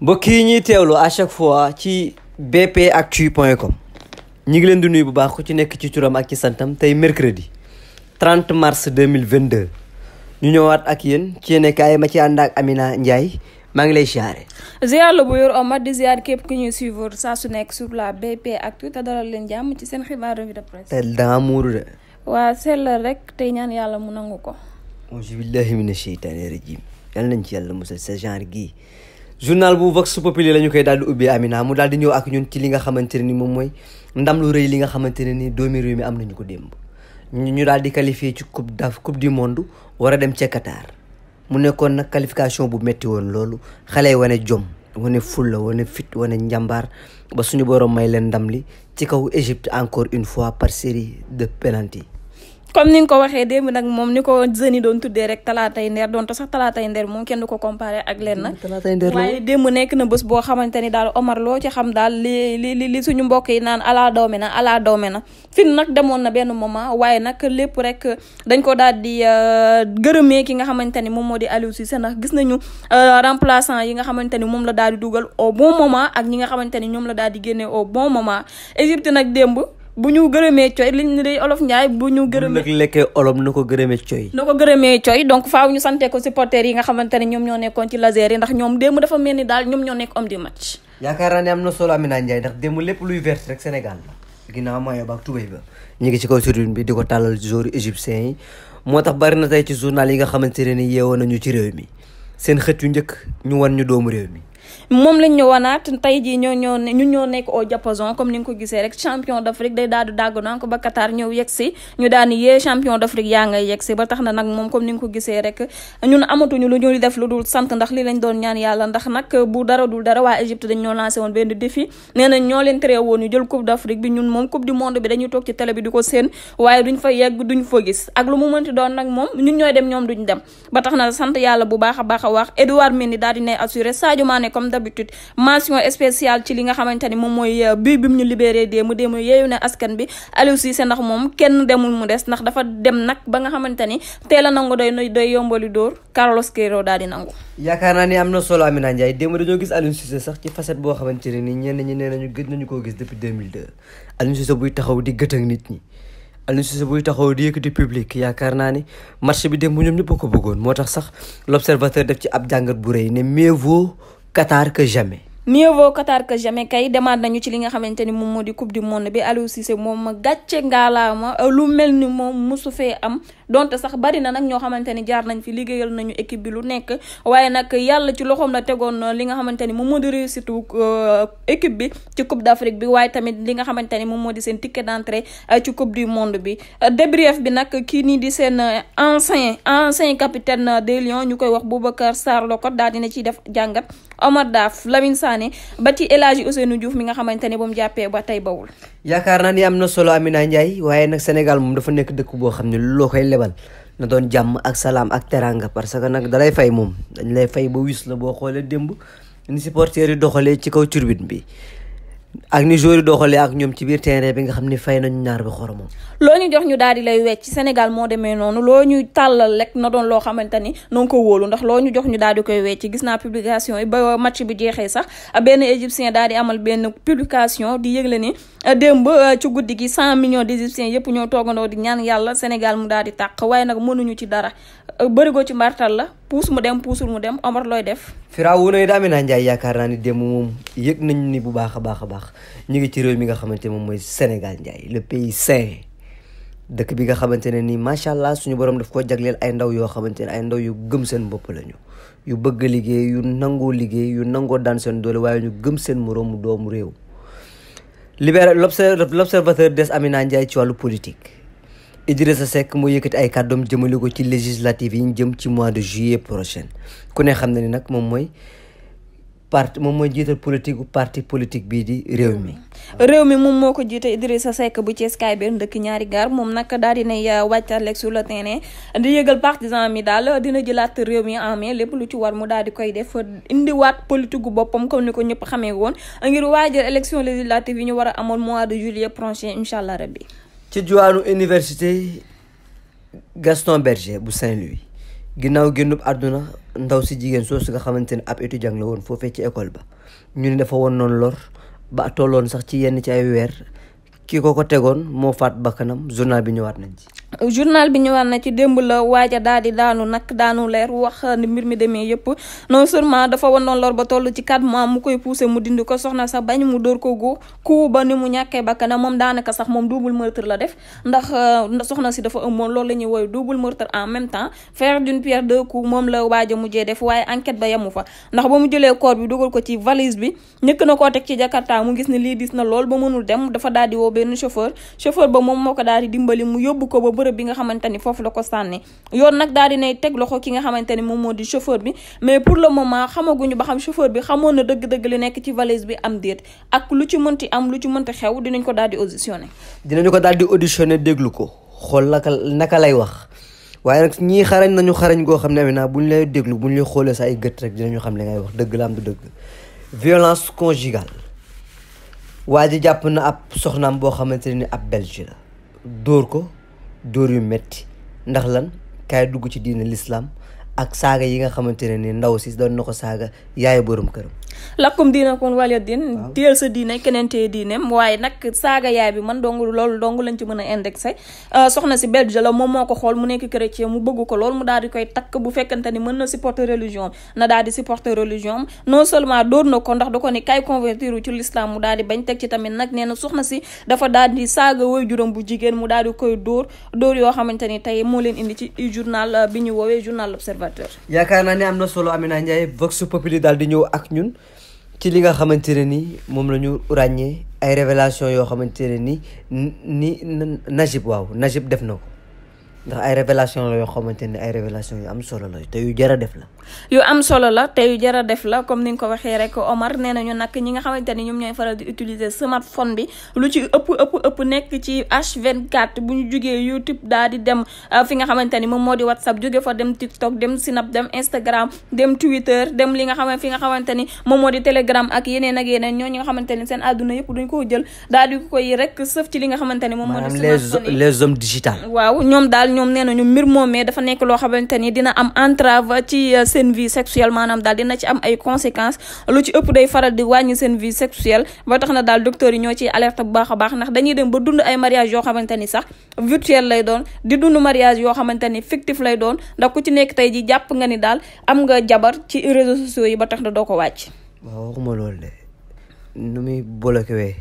mbokk yi ñuy teewlu à chaque fois ci bpactu.com ñu ngi leen di nuyu bu baax ku ci nekk ci turam ak ci santam tey mercredi 30 mars 2022 ñu ñëwaat ak yenn ci yéenekaay ma ci ànd ak Amina Ndiaye maa ngi lay siyaare. ziar la bu yor Omar di ziar képp ku ñuy suivre saa su nekk sur la BP Actu te dalal leen jàmm ci seen xibaar revue de presse. te danga muuru de. rek tey ñaan yàlla mu nangu ko. auzu billahi mina sheytaani rajim yal nañ ci yàlla musal sa genre gii journal bu Vox Populi la ñu koy daal di ubbee Amina mu daal di ñëw ak ñun ci li nga xamante ne ni moom mooy ndam lu rëy li nga xamante ne ni doomi réew mi am nañu ko démb ñu daal di qualifié ci coupe d'Afrique coupe du monde war a dem ca Qatar. mu nekkoon nag qualification bu métti woon loolu xale yi wane jom wane fulla wane fit wane njàmbaar ba suñu borom may leen ndam li ci kaw Égypte encore une fois par série de penalty comme ni nga ko waxee démb nag moom ni ko jeunes doon tuddee rek talaatay ndeer doon te sax talaatay ndeer moom kenn ko comparé ak leen nag mm, waaye démb nekk na bés boo xamante ni daal Omar loo ci xam daal li li suñu mbokk yi naan alaa doome na ala doome na fin nag demoon na benn moment waaye nag lépp rek dañ ko daal di euh, gërëmee ki nga xamante ni moom moo di Aliou Cissé gis nañu euh, remplaçant yi nga xamante ni moom la daal di dugal au bon moment ak ñi nga xamante ni ñoom la daal di génne au bon moment Égypte nag démb bu ñu gërëmee coy li ne day olof njaay bu ñu gërëmee nag lekkee olof na ko gërëmee coy na ko gërëmee coy donc faaw ñu sante ko supporters yi nga xamante ne ñoom ñoo nekkoon ci laser yi ndax ñoom démb mel ni daal ñoom ñoo nekk homme du match yaakaar naa ne am na solo Amina Ndiaye ndax démb lépp luy vert rek Sénégal la ginnaaw mayo baak tubéy ba ñu ngi ci kaw tribune bi di ko tàllal joueur égyptien yi moo tax bari na tey ci journal yi nga xamante ne ni yeewoo nañu ci réew mi seen xët yu njëkk ñu wan ñu doomu réew mi moom lañ ñu wanaat tey jii ñoo ñoo ñun ñoo nekk au diapason comme ni nga ko gisee rek champion d'Afrique day daal dàgg naa ko ba Qatar ñëw yegg si ñu daan yee champion d'Afrique yaa ngay yegg si ba tax na nag moom ñu ñooy dem ñoom duñ dem ba tax na sant yàlla bu baax a baax a wax Edouard Mendy daal di ne assuré Sadio comme d'habitude mention spéciale ci li nga xamante ni moom mooy euh, bi bi mu ñu libéré dee mu deemu yeeyu na askan bi Aliou Cissé ndax moom kenn demul mu des ndax dafa dem nag ba nga xamante ni teel a nangu doy doy yombali dóor Carlos Queiroz daal di nangu yaakaar naa ni am na solo Amina Ndiaye démb dañoo gis Aliou Cissé sax ci facette boo xamante ne ni ñenn ñi nee nañu gëj nañu koo gis depuis 2002 Aliou Cissé buy taxaw di gët nit ñi Aliou Cissé buy taxaw di yëkkati public yaakaar naa ni marché bi dem ñoom ñëpp a ko bëggoon moo tax sax l'observateur def ci ab jàngat bu rëy ne mieux vaut Qatar que jamais. mieux vaut Qatar que jamais kay demaat nañu ci li nga xamante ni moom moo di coupe du monde bi Aliou Cissé moom gàcce ngaalaama lu mel ni moom mosu fee am donte sax bari na nag ñoo xamante ni jaar nañ fi liggéeyal nañu équipe bi lu nekk waaye nag yàlla ci loxoom la tegoon li nga xamante ni moom moo di réussite euh, équipe bi ci coupe d'Afrique bi waaye tamit li nga xamante ni moom moo di seen ticket d'entrée euh, ci coupe du monde bi euh, débrief bi nag kii nii di seen ancien ancien capitaine des Lions ñu koy wax Boubacar Sarr Locotte daal dina ciy def jàngat Omar Daf Lamine Sané ba ci El Hadji nu Diouf mi nga xamante ne ba jàppee ba tey bawul yaakaar naa ni am na solo Amina Ndiaye waaye nag Sénégal moom dafa nekk dëkk boo xam ne loo koy lebal na doon jàmm ak salaam ak teranga parce que nag dalay fay moom dañ lay fay ba wis la boo xoolee démb ni supporters yi doxalee ci kaw turbine bi ak ni joueur yi ak ñoom ci biir terrain bi nga xam ni fay nañu ñaar bi xoromam loo ñu jox ñu daal di lay wecc Sénégal moo demee noonu loo ñuy tàllal rek na doon loo xamante ni noo ko wóolu ñu jox ñu daal di koy wecc gis naa publication yi ba match bi jeexee sax benn égyptien daal di amal benn publication di yëgle ni euh, démb euh, ci guddi gi cent millions d'égyptiens yëpp ñoo toogandoo di ñaan yàlla Sénégal mu daal di tàq waaye nag mënuñu ci dara euh, bërigo ci mbartal la puus mu dem puusul mu dem Omar looy def Firawuna yi da Amina Ndiaye yaakaar naa ni démb moom yëg nañ ni bu baax a baax a baax ñu ngi ci réew mi nga xamante moom mooy Sénégal Ndiaye le pays saint dëkk bi nga xamante ne nii macha allah suñu borom daf ko jagleel ay ndaw yoo xamante ne ay ndaw yu gëm seen bopp lañu yu bëgg liggéey yu nangoo liggéey yu nangoo daan seen doole waaye ñu gëm seen moroomu doomu réew. libéral l'observateur des Amina Ndiaye ci wàllu politique. Idrissa Seck mu yëkkati ay kàddoom jëmale ko ci législative yi ñu jëm ci mois de juillet prochain ku ne xam na ni nag moom mooy. parti moom mooy jiital politique bu parti politique bii di réew mi. réew mi moom moo ko jiite sa Seck bu Thiès kaay benn dëkk ñaari gaar moom nag daal di nay euh, wàccaleeg sur le terrain di yëgal partisan mi daal dina jëlaat réew mi en main lépp lu ci war mu daal di koy def indiwaat politique gu boppam comme ni ko ñëpp xamee woon ngir waajal élection législative yi ñu war a amoon mois de juillet prochain incha allah rabbi ci diwaanu université Gaston Berger bu Saint-Louis. ginnaaw génnub àdduna ndaw si jigéen soo si nga xamante ne ab étudiant la woon foofee ci école ba ñu ne dafa woon noonu lor ba tolloon sax ci yenn ci ay weer ki ko ko tegoon moo faat bakkanam journal bi ñëwaat nañ ci journal bi ñëwaat na ci démb la waaja daal di daanu nag daanu leer wax ni mbir mi demee yëpp non seulement dafa wandoon lor ba toll ci 4 mois mu koy poussé mu dindi ko soxna sa bañ mu dóor ko gu ku ba mu ñàkkee bakkanam moom daanaka sax moom double meurtre la def ndax euh, soxna si dafa ëmboon loolu la ñuy woy double meurtre en même temps faire d'une pierre deux coups moom la waaja mujjee def waaye enquête ba yemu fa ndax ba mu jëlee corps bi dugal ko ci valise bi ñëkk na ko teg ci jakarta mu gis ne lii dis na lool ba mënul dem dafa daal di woo benn chauffeur chauffeur ba moom moo ko daal di dimbali mu yóbbu ko ba bërëb bi nga xamante ni foofu la ko sànni yoon nag daal di nay teg loxo ki nga xamante ni moom moo di chauffeur bi mais pour le moment xamaguñu ba xam chauffeur bi xamoon na dëgg-dëgg li nekk ci valise bi am déet ak lu ci mënti am lu ci mënti xew dinañ ko daal di auditionné. dinañu ko daal di auditionné déglu ko xool naka naka lay wax. waaye nag ñii xarañ nañu xarañ goo xam ne Amina bu ñu lay déglu bu ñu sa ay gët rek dinañu xam li ngay wax dëgg la am du dëgg violence conjugale waa ji jàpp na ab soxnaam boo xamante ne ab belge la dóor ko dóor yu metti ndax lan kaay dugg ci diine l'islam ak saaga yi nga xamante ne ni ndaw si doon na ko saaga yaay borom këram. lakkum diina kon wala diin téyel sa diine keneen téye waaye nag saaga yaay bi man dong loolu dong lañ ci mën a indexé euh, soxna si belge la moom moo ko xool mu nekk chrétien mu bëgg ko lool mu daal di koy takk bu fekkante ni mën na supporter religion na daal di supporter religion non seulement dóor na ko ndax da ko ni kay convertir ci l'islam mu daal di bañ teg ci tamit nag nee na soxna si dafa daal di saaga woy bu jigéen mu daal di koy dóor dóor yoo xamante ni tey moo leen indi ci journal yaakaar naa ne am na solo amee Amina Ndiaye Vox Populi daal di ñëw ak ñun ci li nga xamante ne ni moom la ñu ràññee ay révélation yoo xamante ne ni ni nagib waaw nagib def na ko. ndax ay révélation la yoo xamante ne ay révélation yu am solo la te yu jar a def la yu am solo la te yu jar a def la comme ni nga ko waxee rek Omar nee nañu nag ñi nga xamante ni ñoom ñooy faral di utiliser smartphone bi lu ci ëpp ëpp ëpp nekk ci H24 bu ñu jugee YouTube daal di dem ah, fi nga xamante ni moom moo di WhatsApp jóge fa dem TikTok dem Snap dem Instagram dem Twitter dem li nga xam fi nga xamante ni moom moo di Telegram ak yeneen ak yeneen ñoo xamante ni seen àdduna yëpp duñ ko jël daal di koy rek sëf ci li nga xamante ni moom moo di les hommes digitales waaw ñoom daal ñoom nee nañu mbir moomee dafa nekk loo xamante ni dina am entrave ci euh, seen vie sexuelle maanaam daal dina ci am ay conséquence lu ci ëpp day faral di wàññi seen vie sexuelle ba tax na daal docteur yi ñoo ciy alerte bu baax a baax ndax dañuy dem ba dund ay mariage yoo xamante ni sax virtuel lay doon di dund mariage yoo xamante ni fictif lay doon ndax ku ci nekk tey ji jàpp nga ni daal am nga jabar ci réseaux sociaux yi ba tax na doo ko wàcc. waaw loolu de muy bloqué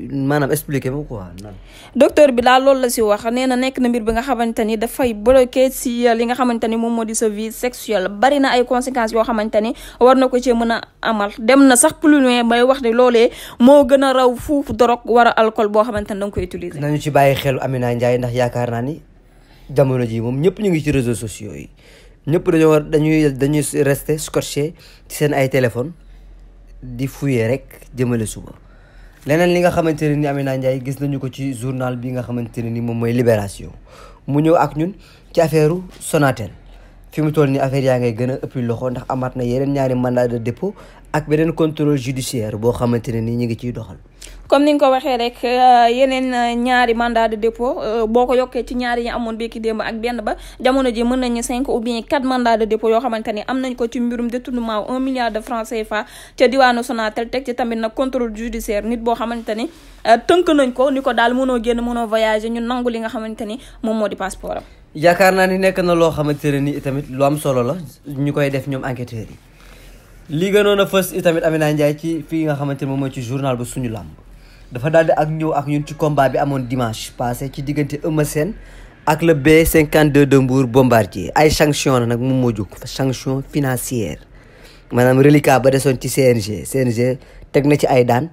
maanaam expliqué ma quoi nan. docteur bi daal loolu la si wax nee na nekk na mbir bi nga xamante ni dafay bloqué si euh, li nga xamante ni moom moo di sa vie sexuelle bari na ay conséquences yoo xamante ni war na ko cee mën a amal dem na sax plus loin bay wax ne loolee moo gën a raw fuufu drogue war a alcool boo xamante ni danga koy utiliser. nañu ci bàyyi xel Amina Ndiaye ndax yaakaar naa ni jamono ji moom ñëpp ñu ngi ci réseaux sociaux yi ñëpp dañoo war dañuy dañuy rester scotché ci seen ay téléphone di fouiller rek jëmale suba. leneen li nga xamante ne ni naa Ndiaye gis nañu ko ci journal bi nga xamante ne ni moom mooy Libération mu ñëw ak ñun ci affaire Sonatel fi mu toll ni affaire yaa ngay gën a ëppi loxo ndax amaat na yeneen ñaari mandat de dépôt ak beneen contrôle judiciaire boo xamante ne ni ñu ngi ciy doxal. comme ni nga ko waxee rek euh, yeneen euh, ñaari mandaa de dépôt euh, boo ko yokkee ci ñaari yi amoon biki démb ak benn ba jamono jee mën nañu cinq ou bien quatre mandat de dépôt yoo xamante ni am nañ ko ci mbirum détournement un milliard de francs CFA ca diwaanu Sonatel teg ci tamit nag contrôle judiciaire nit boo xamante ni tënk nañ ko ni ko daal mënoo génn mënoo voyager ñu nangu li nga xamante ni moom moo di passeport am. yaakaar naa ni nekk na loo xamante ne ni tamit lu am solo la ñu koy def ñoom enquêteurs yi. li gënoon a fës itamit Amina Ndiaye ci fii nga xamante ne moom mooy ci journal bu suñu làmb dafa daal di ak ñëw ak ñun ci combat bi amoon dimanche passé ci diggante Eumeu seen ak le B52 de Mbour bombardier ay sanction na nag moom moo jóg sanction financière maanaam reliquat ba desoon ci CNG CNG teg na ci ay daan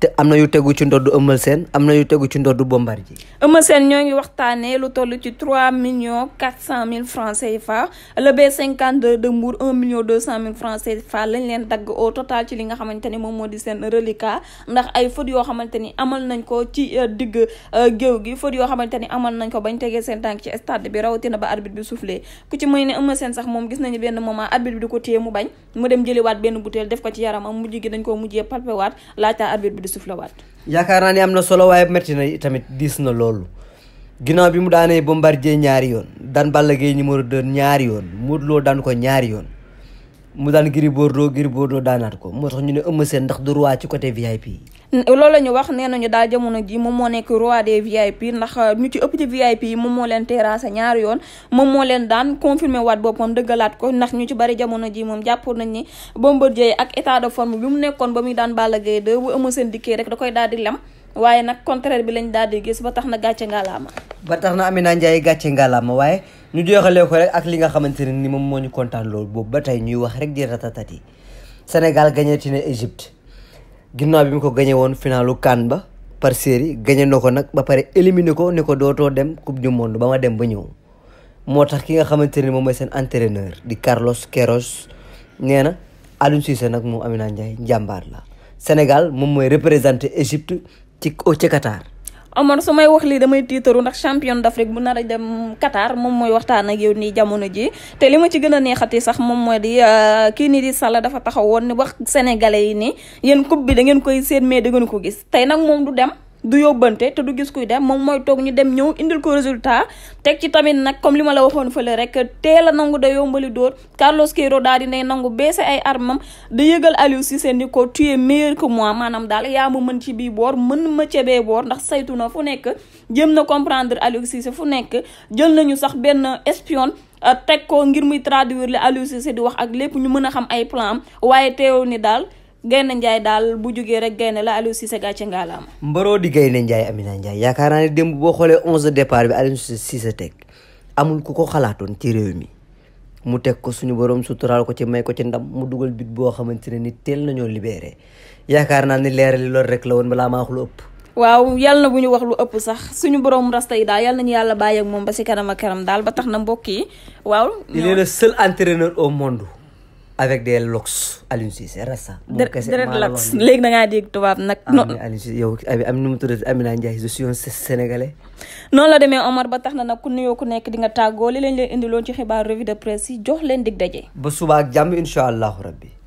te am na yu tegu ci ndoddu Eumeu seen am na yu tegu ci ndoddu Bombardier. Eumeu Sène ñoo ngi waxtaanee lu toll ci trois millions quatre cent mille francs CFA le B52 de Mbour un million deux cent mille lañ leen dagg au total ci li nga xamante ni moom moo di seen reliquat ndax ay fautes yoo xamante ni amal nañ ko ci euh, digg euh, géew gi fautes yoo xamante ni amal nañ ko bañ tegee seen tànk ci stade bi rawatina ba arbitre bi soufflé ku ci mooy ne Eumeu Sène sax moom gis nañu benn moment arbitre bi di ko téye mu bañ def ko ci yaramam mujj gi dañ koo mujjee di suflawaat. yaakaar naa ni am na solo waaye métti na tamit diis na loolu ginnaaw bi mu daanee Bombardier ñaari yoon daan Balla Gaye numéro doon ñaari yoon Modou Lo daan ko ñaari yoon mu daan Gris Bordeaux Gris Bordeaux daanaat ko moo tax ñu ne Eumeu Sène ndax du roi ci côté VIP. loolu la ñu wax nee nañu daal jamono ji moom moo nekk roi des VIP ndax euh, ñu ci ëpp ci VIP yi moom moo leen terrassé ñaari yoon moom moo leen daan confirmé waat boppam dëggalaat ko ndax ñu ci bari jamono ji moom jàpp nañ ni Bombardier ak état de forme bi nekkoon ba muy daan Balla Gaye 2 bu Eumeu Sène dikkee rek koy daal di lem waaye nag contraire lañ daal di gis ba tax na gàcce ngalaama ba tax na Amina Ndiaye gàcce ngalaama waaye ñu jeexalee ko ak li nga xamante ne ni moom moo ñu kontaan boobu ba tey ñuy wax rek di ratatati Sénégal gañeeti ne Égypte ginnaaw bi mu ko gañe woon finalu CAN ba par série gañe na ko nag ba pare éliminé ko ni ko dootoo dem coupe du monde ba ma dem ba ñëw moo tax ki nga xamante ne moom mooy seen entraîneur di Carlos Queiroz nee na Aliou nag moom naa Ndiaye njàmbaar la Sénégal moom mooy représenté Égypte ci ci Qatar Omar su may wax lii damay tiitaru ndax champion d'Afrique bu nar a dem Qatar moom mooy waxtaan ak yow nii jamono ji te li ma ci gën a neexati sax moom moo di euh, kii nii di Sall dafa taxaw woon ni wax sénégalais yi nii yéen coupe bi da ngeen koy seen mais da ngeen ko gis tey nag moom du dem. du yóbbante te du gis kuy dem moom mooy toog ñu dem ñëw indil ko résultat teg ci tamit nag comme li ma la waxoon fële rek teela a nangu da yombali dóor Carlos Queiroz daal di nay nangu baissé ay armam da yëgal Aliou Cissé ni ko tu es meilleur que moi maanaam daal yaa ma mën ci bii boor mën ma ca bee boor ndax saytu na fu nekk jëm na comprendre Aliou fu nekk jël nañu sax benn espion euh, teg ko ngir muy traduire li Aliou di wax ak lépp ñu mën a xam ay plan am waaye teewul ni daal Gaynde Ndiaye daal bu jugee rek gaynde la Aliou Cissé gàcce ngaalaama mbaroo di Gaynde Ndiaye Amina Ndiaye yaakaar naa ne démb boo xoolee onze départ bi Aliou Cissé teg amul ku ko xalaatoon ci réew mi mu teg ko suñu borom suturaal ko ci may ko ci ndam mu dugal bit boo xamante ne ni teel nañoo libéré yaakaar naa ni leerali loolu rek la woon balaa maa wax lu ëpp. waaw yal na bu ñu wax lu ëpp sax suñu borom rasta yi daal yal nañu yàlla bàyyi ak moom ba si kanam ak kanam daal ba tax na mbokk yi waaw. il est le seul entraîneur au avec des lox Aliou Cissé rasa. lox léegi na ngaa dégg tubaab nag. Ah, non Aliou Cissé yow am nu mu tuddati Amina Ndiaye je suis un sénégalais. noonu la demee Omar ba tax na nag ku nuyoo ku nekk di nga tàggoo li leen leen indiloon ci xibaar revue de presse yi jox leen dig daje. ba suba ak jàmm incha allahu rabbi.